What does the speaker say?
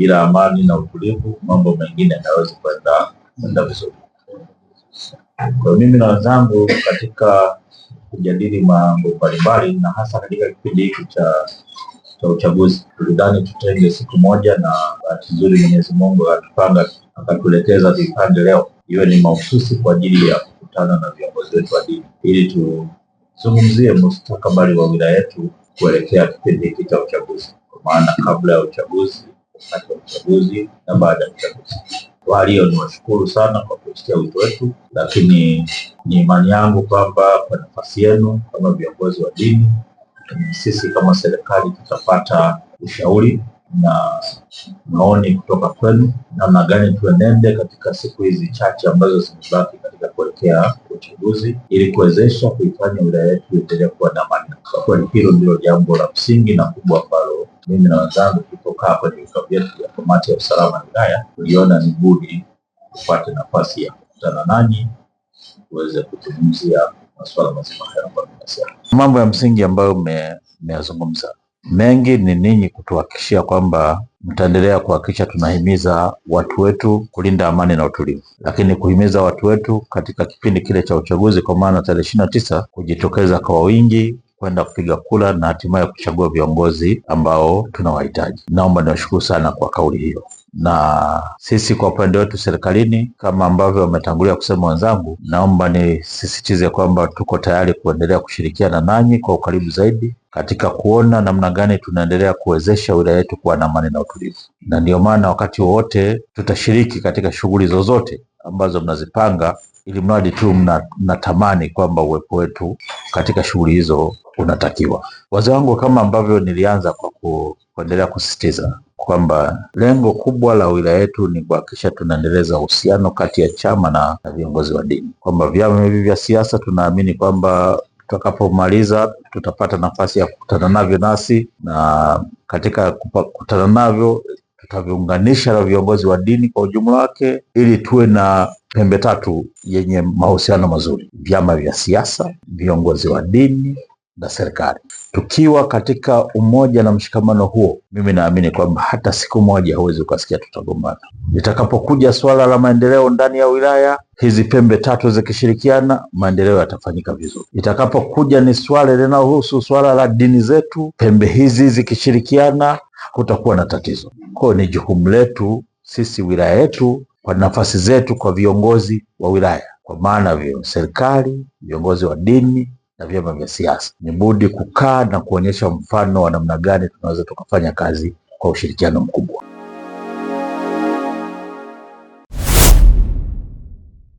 bila amani na utulivu, mambo mengine yanaweza kwenda vizuri. Kwa mimi na wenzangu katika kujadili mambo mbalimbali na hasa katika kipindi hiki cha cha uchaguzi, tulidhani tutenge siku moja, na bahati nzuri Mwenyezi Mungu akipanga akatuelekeza vipande leo iwe ni mahususi kwa ajili ya kukutana na viongozi wetu wa dini ili tuzungumzie mustakabali wa wilaya yetu kuelekea kipindi hiki cha uchaguzi, kwa maana kabla ya uchaguzi wakati wa uchaguzi na baada ya uchaguzi. Kwa hali hiyo, niwashukuru sana kwa kusikia wito wetu, lakini ni imani yangu kwamba kwa nafasi yenu kama viongozi wa dini, sisi kama serikali tutapata ushauri na maoni kutoka kwenu, namna gani tuenende katika siku hizi chache ambazo zimebaki katika kuelekea uchaguzi, ili kuwezesha kuifanya wilaya yetu iendelee kuwa na amani. Kwa kweli hilo ndilo jambo la msingi na kubwa ambalo mimi na wenzangu kukaa kwenye vikao vyetu ya kamati ya usalama ya wilaya, tuliona ni budi tupate nafasi ya kukutana nanyi tuweze kuzungumzia masuala mazima haya ambayo tunasema. Mambo ya msingi ambayo mmeyazungumza mengi ni ninyi kutuhakikishia kwamba mtaendelea kuhakikisha tunahimiza watu wetu kulinda amani na utulivu, lakini kuhimiza watu wetu katika kipindi kile cha uchaguzi, kwa maana tarehe ishirini na tisa kujitokeza kwa wingi kwenda kupiga kura na hatimaye kuchagua viongozi ambao tunawahitaji. Naomba niwashukuru sana kwa kauli hiyo na sisi kwa upande wetu serikalini, kama ambavyo wametangulia kusema wenzangu, naomba nisisitize kwamba tuko tayari kuendelea kushirikiana nanyi kwa ukaribu zaidi katika kuona namna gani tunaendelea kuwezesha wilaya yetu kuwa na amani na utulivu, na ndiyo maana wakati wowote tutashiriki katika shughuli zozote ambazo mnazipanga, ili mradi tu mnatamani mna kwamba uwepo wetu katika shughuli hizo unatakiwa. Wazee wangu kama ambavyo nilianza kwa ku, kuendelea kusisitiza kwamba lengo kubwa la wilaya yetu ni kuhakikisha tunaendeleza uhusiano kati ya chama na viongozi wa dini, kwamba vyama hivi vya siasa tunaamini kwamba tutakapomaliza tutapata nafasi ya kukutana navyo nasi, na katika kukutana navyo tutaviunganisha na viongozi wa dini kwa ujumla wake, ili tuwe na pembe tatu yenye mahusiano mazuri: vyama vya siasa, viongozi wa dini na serikali. Tukiwa katika umoja na mshikamano huo, mimi naamini kwamba hata siku moja huwezi ukasikia tutagombana. Litakapokuja suala la maendeleo ndani ya wilaya, hizi pembe tatu zikishirikiana, maendeleo yatafanyika vizuri. Itakapokuja ni suala linalohusu suala la dini zetu, pembe hizi zikishirikiana, kutakuwa na tatizo. Kwayo ni jukumu letu sisi, wilaya yetu, kwa nafasi zetu, kwa viongozi wa wilaya, kwa maana vyo serikali, viongozi wa dini na vyama vya siasa. Ni budi kukaa na kuonyesha mfano wa namna gani tunaweza tukafanya kazi kwa ushirikiano mkubwa.